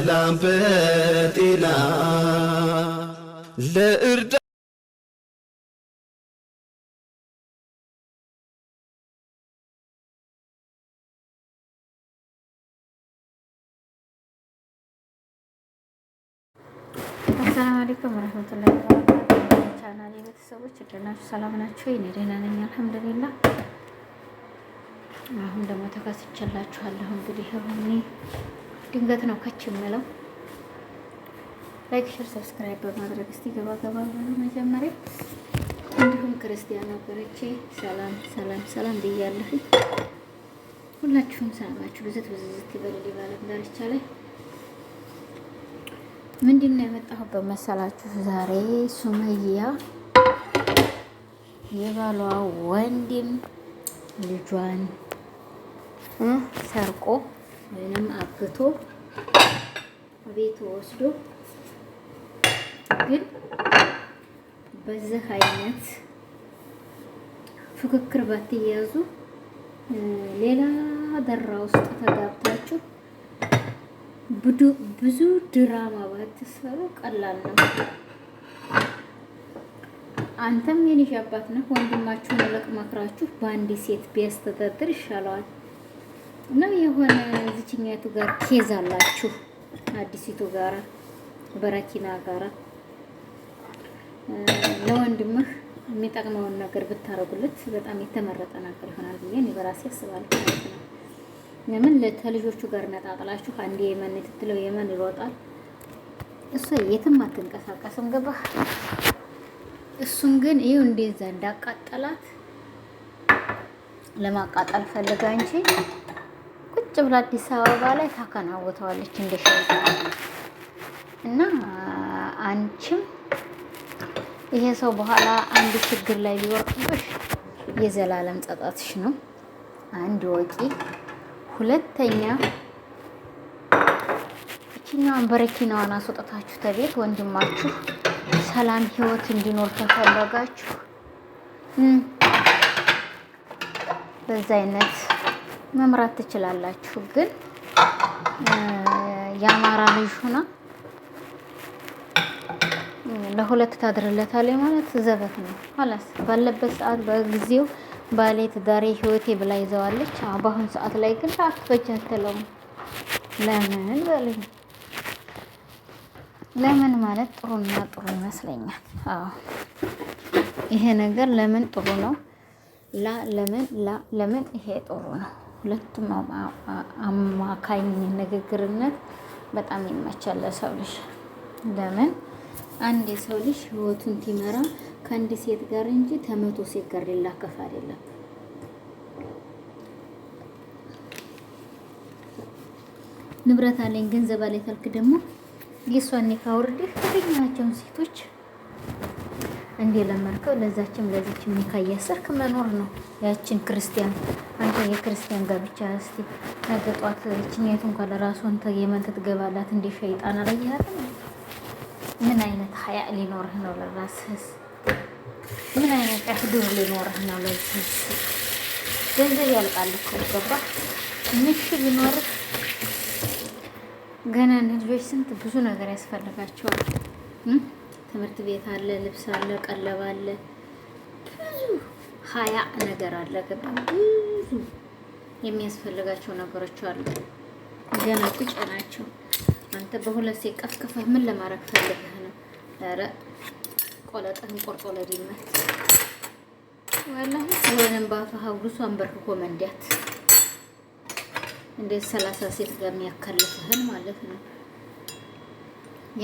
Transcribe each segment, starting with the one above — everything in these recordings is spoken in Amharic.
በሰላም በጤና ለእርዳ አሰላሙ አለይኩም ወረህመቱላሂ ወበረካቱህ። ቻናል የቤተሰቦች እንደት ናችሁ? ሰላም ናችሁ? እኔ ደህና ነኝ አልሐምዱሊላህ። አሁን ደግሞ ተከስቼላችኋለሁ እንግዲህ ሆኔ ድንገት ነው ከች የምለው። ላይክ፣ ሼር ሰብስክራይብ በማድረግ እስቲ ገባ ገባ ብሎ መጀመሪያ እንዲሁም ክርስቲያን ወገኖቼ ሰላም ሰላም ሰላም ብያለሁ። ሁላችሁም ሰላማችሁ ብዝት ብዝዝት ይበልል ይባላል ዳርቻ ላይ ምንድን ነው የመጣሁበት መሰላችሁ? ዛሬ ሱመያ የባሏ ወንድም ልጇን ሰርቆ ወይንም አግቶ ቤት ወስዶ ግን በዚህ አይነት ፍክክር ባትያዙ ሌላ ደራ ውስጥ ተጋብታችሁ ብዙ ድራማ ባትሰሩ ቀላል ነው። አንተም የልጅ አባት ነህ፣ ወንድማችሁን እልቅ መክራችሁ በአንዲት ሴት ቢያስተዳድር ይሻለዋል። ነው የሆነ ዝችኛቱ ጋር ኬዝ አላችሁ አዲሲቱ ጋራ በረኪና ጋራ ለወንድምህ የሚጠቅመውን ነገር ብታረጉለት በጣም የተመረጠ ነገር ይሆናል ብዬ እኔ በራሴ አስባለሁ ለምን ከልጆቹ ጋር ነጣጥላችሁ አንዴ የመን ትትለው የመን ይሮጣል። እሱ የትም አትንቀሳቀስም፣ ገባህ? እሱን ግን ይኸው እንደዛ እንዳቃጠላት ለማቃጠል ፈልጋ እንጂ ብላ አዲስ አበባ ላይ ታከናውተዋለች እንደ እና አንቺም ይሄ ሰው በኋላ አንድ ችግር ላይ ሊወርቅብሽ የዘላለም ጸጣትሽ ነው። አንድ ወቂ ሁለተኛ እችኛዋን በረኪናዋን አስወጣታችሁ ተቤት ወንድማችሁ ሰላም ህይወት እንዲኖር ተፈለጋችሁ በዛ አይነት መምራት ትችላላችሁ። ግን የአማራ ልጅ ሆና ለሁለት ታድርለታለች ማለት ዘበት ነው። ኋላስ ባለበት ሰዓት በጊዜው ባሌ፣ ትዳሬ፣ ህይወቴ ብላ ይዘዋለች። በአሁኑ ሰዓት ላይ ግን አትበጃተለውም። ለምን በሉኝ። ለምን ማለት ጥሩና ጥሩ ይመስለኛል። አዎ ይሄ ነገር ለምን ጥሩ ነው? ላ ለምን ላ ለምን ይሄ ጥሩ ነው? ሁለቱም አማካኝ ንግግርነት በጣም ይመቻል ለሰው ልጅ። ለምን አንድ የሰው ልጅ ህይወቱን ሲመራ ከአንድ ሴት ጋር እንጂ ተመቶ ሴት ጋር ሊላከፍ አይደለም። ንብረት አለኝ ገንዘብ አለኝ ካልክ ደግሞ የእሷን ካወርድህ ታገኛቸውን ሴቶች እንደ ለመድከው ለዛችም ለዚችም ኒካ እያሰርክ መኖር ነው። ያችን ክርስቲያን አንተ የክርስቲያን ጋር ብቻ እስቲ ነገ ጧት እችኛይቱ እንኳን ለራሱ አንተ የመን ትገባላት እንደ ሸይጣን አላየኸትም? ምን አይነት ሀያ ሊኖርህ ነው? ለራስህስ ምን አይነት እህዱር ሊኖርህ ነው? ለዚህስ ገንዘብ ያልቃል እኮ ገባህ? ምሽ ሊኖርህ ገና ልጆች ስንት ብዙ ነገር ያስፈልጋቸዋል። ትምህርት ቤት አለ፣ ልብስ አለ፣ ቀለብ አለ፣ ብዙ ሀያ ነገር አለ። ገባ ብዙ የሚያስፈልጋቸው ነገሮች አሉ። ገና ቁጭ ናቸው። አንተ በሁለት ሴት ቀፍቅፈህ ምን ለማድረግ ፈልገህ ነው? ኧረ ቆለጥህን ቆርጦ ለዲመት ወላሂ ወለን ባፋ ሀውሱ አንበርክኮ መንዲያት እንዴት ሰላሳ ሴት ጋር የሚያካልፍህን ማለት ነው።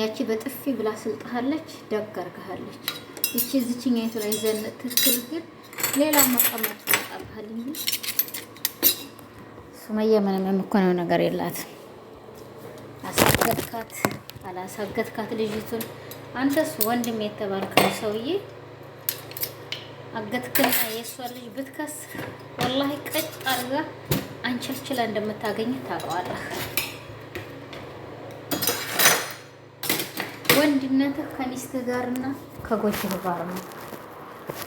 ያቺ በጥፊ ብላ ስልጥሃለች፣ ደግ አርግሃለች። እቺ እዚችኛይቱ ላይ ዘን ትክክል ግን ሌላ መቀመጥ ይመጣብሃል እንጂ ሱመያ ምንም የምኮነው ነገር የላት። አሳገትካት አላሳገትካት ልጅቱን አንተስ ወንድም የተባልከው ሰውዬ አገትክና የእሷ ልጅ ብትከስ ወላሂ ቀጭ አርጋ አንቸልችላ እንደምታገኝ ታውቀዋለህ። ወንድነትህ ከሚስትህ ጋርና ከጎጅህ ጋር ነው።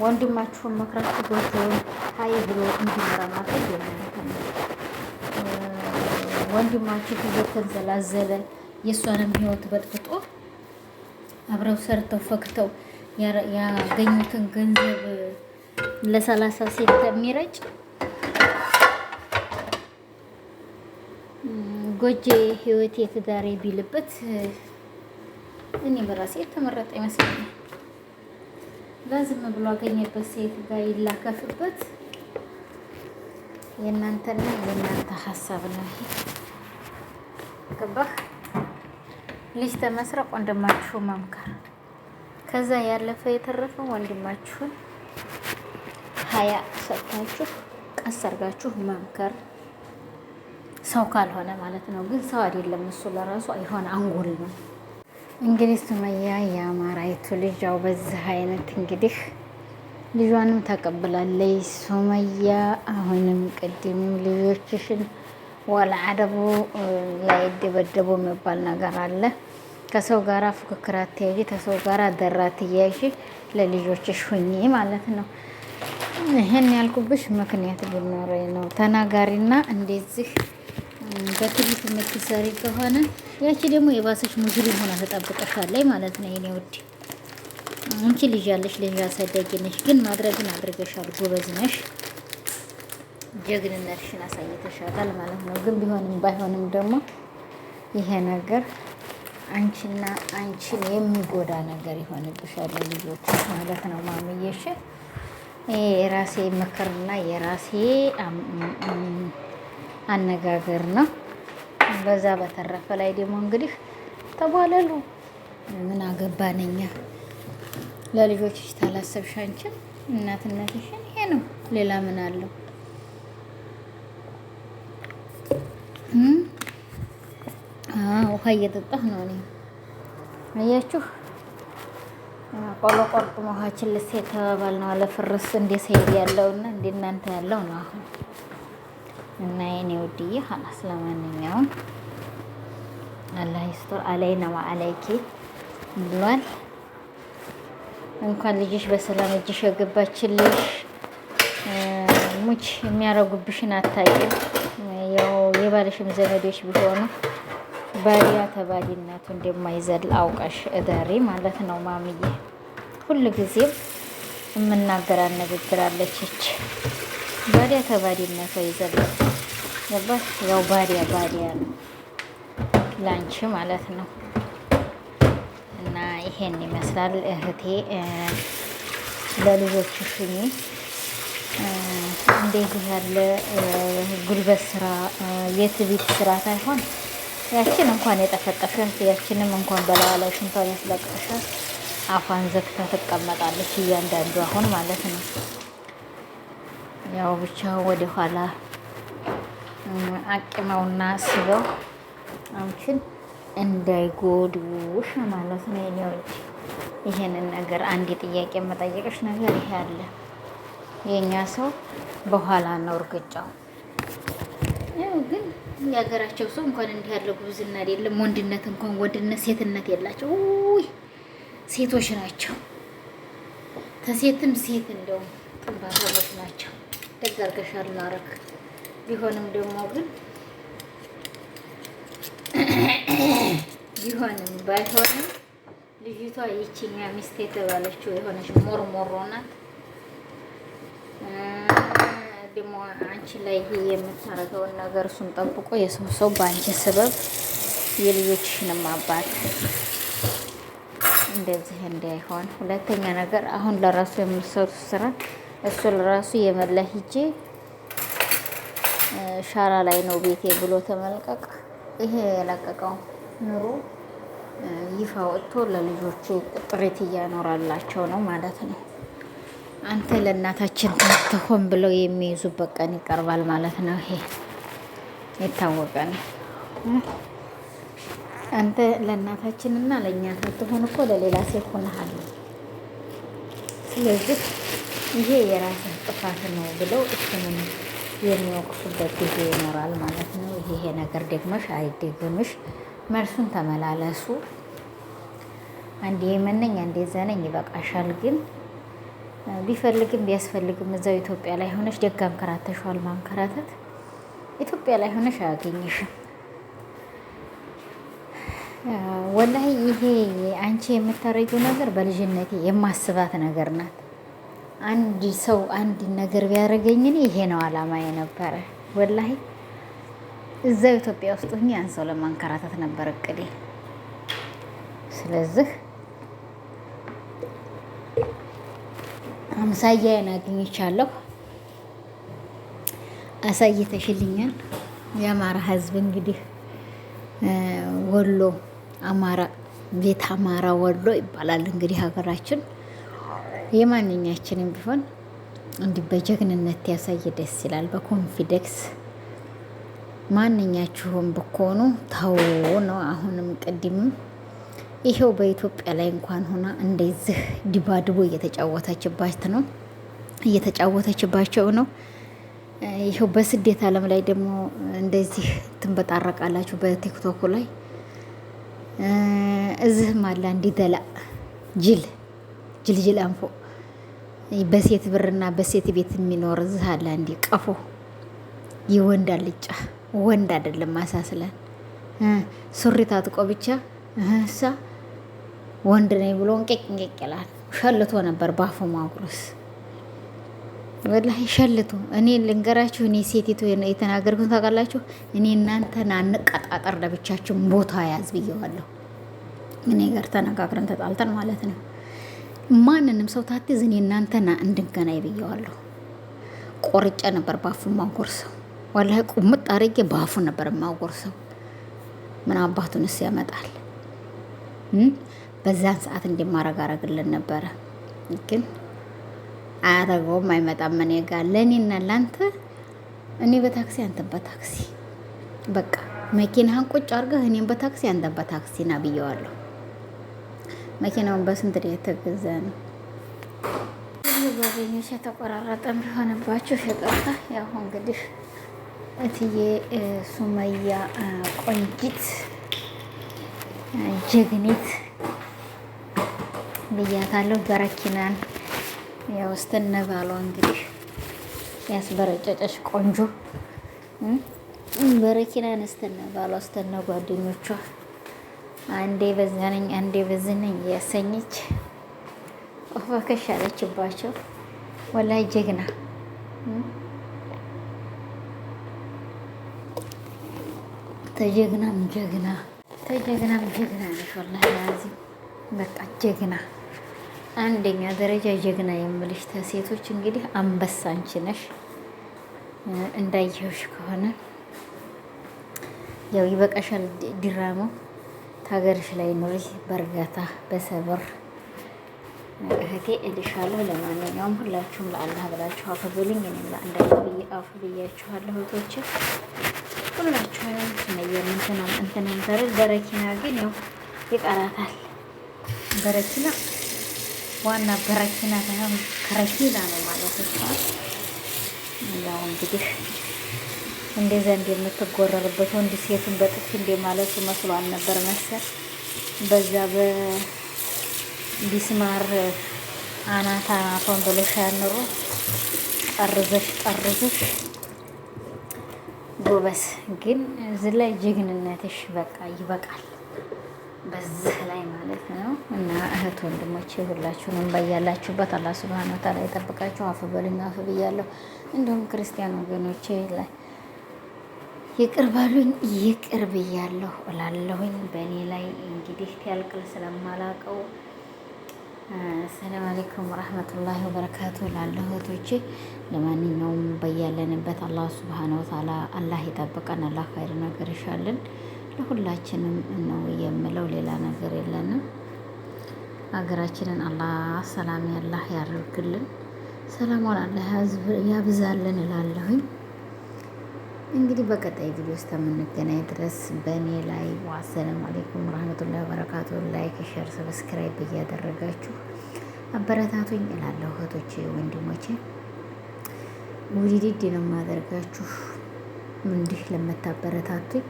ወንድማችሁን መክራችሁ ጎጆውን አይ ብሎ እንዲመራ ማድረግ የማለት ነው። ወንድማችሁ እየተንዘላዘለ የእሷንም ህይወት በጥብጦ አብረው ሰርተው ፈግተው ያገኙትን ገንዘብ ለሰላሳ ሴት ከሚረጭ ጎጆ ህይወት የትዳሬ ቢልበት እኔ በራሴ የተመረጠ ይመስለኛል። ለዝም ብሎ አገኘበት ሴት ጋር ይላከፍበት። የእናንተና የእናንተ ሀሳብ ነው ይሄ። ገባህ? ልጅ ተመስረቅ ወንድማችሁ መምከር፣ ከዛ ያለፈ የተረፈው ወንድማችሁን ሀያ ሰጥታችሁ ቀስ አድርጋችሁ መምከር ሰው ካልሆነ ማለት ነው። ግን ሰው አይደለም እሱ ለራሱ አይሆን አንጎል ነው። እንግዲህ ሱመያ የአማራይቱ ልጅ በዚህ አይነት እንግዲህ ልጇንም ተቀብላለይ። ሱመያ አሁንም ቅድምም ልጆችሽን ወለአደቡ ላይደበደቡ የሚባል ነገር አለ። ከሰው ጋራ ፉክክር አትያዢ፣ ከሰው ጋራ ደራ ትያዥ፣ ለልጆችሽ ሁኚ ማለት ነው። ይህን ያልኩብሽ ምክንያት ቢኖረኝ ነው ተናጋሪና እንደዚህ በክሊፕ የምትሰሪ ከሆነ ያቺ ደግሞ የባሰች ሙዝሪ ሆና ተጠብቀሻለች ማለት ነው። የኔ ውድ አንቺ ልጅ ያለሽ ልጅ አሳዳጊ ነሽ፣ ግን ማድረግን አድርገሻል። ጎበዝ ነሽ፣ ጀግንነትሽን አሳይተሻታል ማለት ነው። ግን ቢሆንም ባይሆንም ደግሞ ይሄ ነገር አንቺና አንቺን የሚጎዳ ነገር ይሆንብሻል፣ ልጆች ማለት ነው። ማምዬሽ የራሴ ምክርና የራሴ አነጋገር ነው። በዛ በተረፈ ላይ ደግሞ እንግዲህ ተባለሉ ምን አገባን እኛ። ለልጆችሽ ታላሰብሽ አንቺን እናትነትሽን ይሄ ነው፣ ሌላ ምን አለው? ውሃ እየጠጣህ ነው እኔ። አያችሁ ቆሎ ቆርጥ ውሃችን ልሴ ተባባል ነው አለፍርስ እንደ ሰይድ ያለውና እንደ እናንተ ያለው ነው አሁን እና የኔ ውድዬ ሀላስ ለማንኛውም አላህ ይስጥር አለይና ወአለይኪ ብሏል። እንኳን ልጅሽ በሰላም እጅሽ የገባችልሽ። ሙች የሚያረጉብሽን አታውቂም። ያው የባለሽም ዘመዶች ቢሆኑ ባሪያ ተባዲነቱ እንደማይዘል አውቀሽ እደሪ ማለት ነው። ማምዬ ሁሉ ጊዜም የምናገራ ንግግር አለች። ባዲያ ተባዲነቷ ይዘላል። ገባሽ? ያው ባዲያ ባዲያ ነው ላንቺ ማለት ነው። እና ይሄን ይመስላል እህቴ። ሽኝ እንደዚህ ያለ ጉልበት ስራ የትቢት ስራ ሳይሆን ያችን እንኳን የጠፈጠፈት ያችንም እንኳን በላዋ ላይ ሽንቷን ያስለቀሻት አፏን ዘግታ ትቀመጣለች እያንዳንዱ አሁን ማለት ነው። ያው ብቻውን ወደኋላ አቅመውና አስበው አንቺን እንዳይጎዱሽ ማለት ነው። የኔዎች ይሄንን ነገር አንድ ጥያቄ የምጠይቅሽ ነገር ይሄ አለ። የእኛ ሰው በኋላ ነው እርግጫው። ያው ግን የሀገራቸው ሰው እንኳን እንዲህ ያለ ጉብዝና የለም፣ ወንድነት እንኳን ወንድነት ሴትነት የላቸው። ውይ ሴቶች ናቸው፣ ከሴትም ሴት እንደውም ጥንባታቦች ናቸው። እንደዛ አድርገሽ አላረግ ቢሆንም ደግሞ ግን ቢሆንም ባይሆንም ልጅቷ ይቺኛ ሚስት የተባለችው የሆነች ሞርሞሮ ናት። ደግሞ አንቺ ላይ የምታረገውን ነገር እሱን ጠብቆ የሰው ሰው በአንቺ ሰበብ የልጆችሽንም አባት እንደዚህ እንዳይሆን። ሁለተኛ ነገር አሁን ለራሱ የምሰሩት ስራ እሱ ለራሱ የመላ ሂጄ ሻራ ላይ ነው ቤቴ ብሎ ተመልቀቅ ይሄ የለቀቀው ኑሮ ይፋ ወጥቶ ለልጆቹ ጥሪት እያኖራላቸው ነው ማለት ነው። አንተ ለእናታችን ትሆን ብለው የሚይዙበት ቀን ይቀርባል ማለት ነው። ይሄ የታወቀ ነው። አንተ ለእናታችን እና ለእኛ ሳትሆን እኮ ለሌላ ሴት ሆነሃል። ስለዚህ ይሄ የራስህ ጥፋት ነው ብለው እሱንም የሚወቅሱበት ጊዜ ይኖራል ማለት ነው። ይሄ ነገር ደግመሽ አይደግምሽ፣ መልሱን ተመላለሱ። አንዴ የመነኝ አንዴ ዘነኝ ይበቃሻል። ግን ቢፈልግም ቢያስፈልግም እዛው ኢትዮጵያ ላይ ሆነሽ ደጋም ከራተሸዋል ማንከራተት ኢትዮጵያ ላይ ሆነሽ አያገኝሽም። ወላሂ ይሄ አንቺ የምታረጊው ነገር በልጅነቴ የማስባት ነገር ናት። አንድ ሰው አንድ ነገር ቢያደርገኝ እኔ ይሄ ነው አላማ የነበረ ወላሂ እዛው ኢትዮጵያ ውስጥ ሁኜ ያን ሰው ለማንከራታት ነበር እቅዴ። ስለዚህ አምሳያዬን አግኝቻለሁ፣ አሳይተሽልኛል። የአማራ ህዝብ እንግዲህ ወሎ አማራ ቤት አማራ ወሎ ይባላል እንግዲህ ሀገራችን የማንኛችንም ቢሆን እንዲህ በጀግንነት ያሳይ ደስ ይላል። በኮንፊደክስ ማንኛችሁም ብኮኑ ተው ነው። አሁንም ቅድምም ይሄው በኢትዮጵያ ላይ እንኳን ሆና እንደዚህ ዲባድቦ እየተጫወተችባት ነው እየተጫወተችባቸው ነው። ይኸው በስደት ዓለም ላይ ደግሞ እንደዚህ ትንበጣረቃላችሁ በቲክቶኩ ላይ እዚህም አለ እንዲደላ ጅል ጅልጅል አንፎ በሴት ብርና በሴት ቤት የሚኖር እዚህ እንዲ ቀፎ የወንድ አልጫ ወንድ አይደለም አሳስለን ሱሪ ታጥቆ ብቻ እሳ ወንድ ነኝ ብሎ እንቄቅ እንቄቅ ይላል። ሸልቶ ነበር ባፉ ማጉሮስ ወላሂ ሸልቶ። እኔ ልንገራችሁ፣ እኔ ሴቲቱ የተናገርኩን ታውቃላችሁ። እኔ እናንተን አንቀጣጠር ለብቻችን ቦታ ያዝ ብየዋለሁ። እኔ ጋር ተነጋግረን ተጣልተን ማለት ነው ማንንም ሰው ታትዝ እኔ እናንተና እንድንገናኝ ብየዋለሁ። ቆርጬ ነበር ባፉ ማጎርሰው። ዋላ ቁምጥ አድርጌ ባፉ ነበር ማጎርሰው። ምን አባቱንስ ያመጣል? በዛን ሰዓት እንዲማረግ አረግልን ነበረ፣ ግን አያረገውም። አይመጣም እኔ ጋር ለእኔና ለአንተ፣ እኔ በታክሲ አንተ በታክሲ በቃ መኪናህን ቁጭ አድርገህ እኔም በታክሲ አንተ በታክሲ ና ብየዋለሁ። መኪናውን በስንት ነው የተገዘ ነው? ሁሉ ጓደኞች የተቆራረጠም ቢሆንባችሁ ይቅርታ። ያው እንግዲህ እትዬ ሱመያ ቆንጂት ጀግኒት ብያታለሁ። በረኪናን ያው እስተነ ባሏ እንግዲህ ያስበረጨጨሽ ቆንጆ በረኪናን እስተነ ባሏ እስተነ ጓደኞቿ አንዴ በዛ ነኝ አንዴ በዚህ ነኝ እያሰኘች ኦፈከሽ አለችባቸው። ወላሂ ጀግና ተጀግናም ጀግና ተጀግናም ጀግና ነሽ። ወላሂ ያዚ በቃ ጀግና አንደኛ ደረጃ ጀግና የምልሽ ተሴቶች እንግዲህ አንበሳ አንቺ ነሽ። እንዳየሁሽ ከሆነ ያው ይበቃሻል ድራማው ሀገርሽ ላይ ኑሪ በእርጋታ በሰብር እህቴ እልሻለሁ። ለማንኛውም ሁላችሁም ለአላህ ብላችሁ አፍ ብሉኝ። እኔም ለአንዳንድ ብዬ አፍ ብያችኋለሁ። እህቶች ሁላችሁንም ስመየም እንትናም እንትናም ታረግ በረኪና ግን ያው ይቀራታል። በረኪና ዋና በረኪና ሳይሆን ከረኪና ነው ማለት ነው። ያው እንግዲህ እንደዛ እንደምትጎረርበት ወንድ ሴቱን በጥፊ እንደ ማለቱ መስሏል ነበር መሰል። በዛ በቢስማር አናታ አናቷን ብለሽ ያንሮ ጠርዘሽ ጠርዘሽ ጎበስ። ግን እዚህ ላይ ጀግንነትሽ በቃ ይበቃል። በዚህ ላይ ማለት ነው እና እህት ወንድሞቼ ሁላችሁንም በያላችሁበት አላህ ሱብሃነሁ ወተዓላ ይጠብቃችሁ። አፍ በሉኝ አፍ ብያለሁ። እንዲሁም ክርስቲያን ወገኖቼ ላይ ይቅር በሉኝ ይቅር ብያለሁ እላለሁኝ። በእኔ ላይ እንግዲህ ቲያልቅል ስለማላቀው አሰላም አለይኩም ወረህመቱላሂ ወበረካቱ ላለሁ እህቶቼ፣ ለማንኛውም በያለንበት አላህ ሱብሃነሁ ወተዓላ አላህ ይጠብቀን፣ አላህ ኸይር ነገር ይሻልን ለሁላችንም ነው የምለው። ሌላ ነገር የለንም። ሀገራችንን አላህ ሰላም ያላህ ያደርግልን፣ ሰላሟን አላህ ያብዛልን እላለሁኝ። እንግዲህ በቀጣይ ቪዲዮ ውስጥ የምንገናኝ ድረስ በእኔ ላይ ወሰላም አሌይኩም ረህመቱላሂ ወበረካቱ። ላይክ፣ ሸር፣ ሰብስክራይብ እያደረጋችሁ አበረታቱኝ እላለሁ። እህቶቼ ወንድሞቼ፣ ውድድድ ነው የማደርጋችሁ። እንዲህ ለምታበረታቱኝ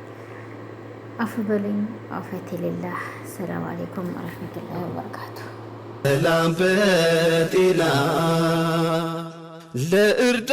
አፍ በሉኝ። አፈት ሌላህ። ሰላም አሌይኩም ረህመቱላሂ ወበረካቱ። ሰላም በጤና ለእርዳ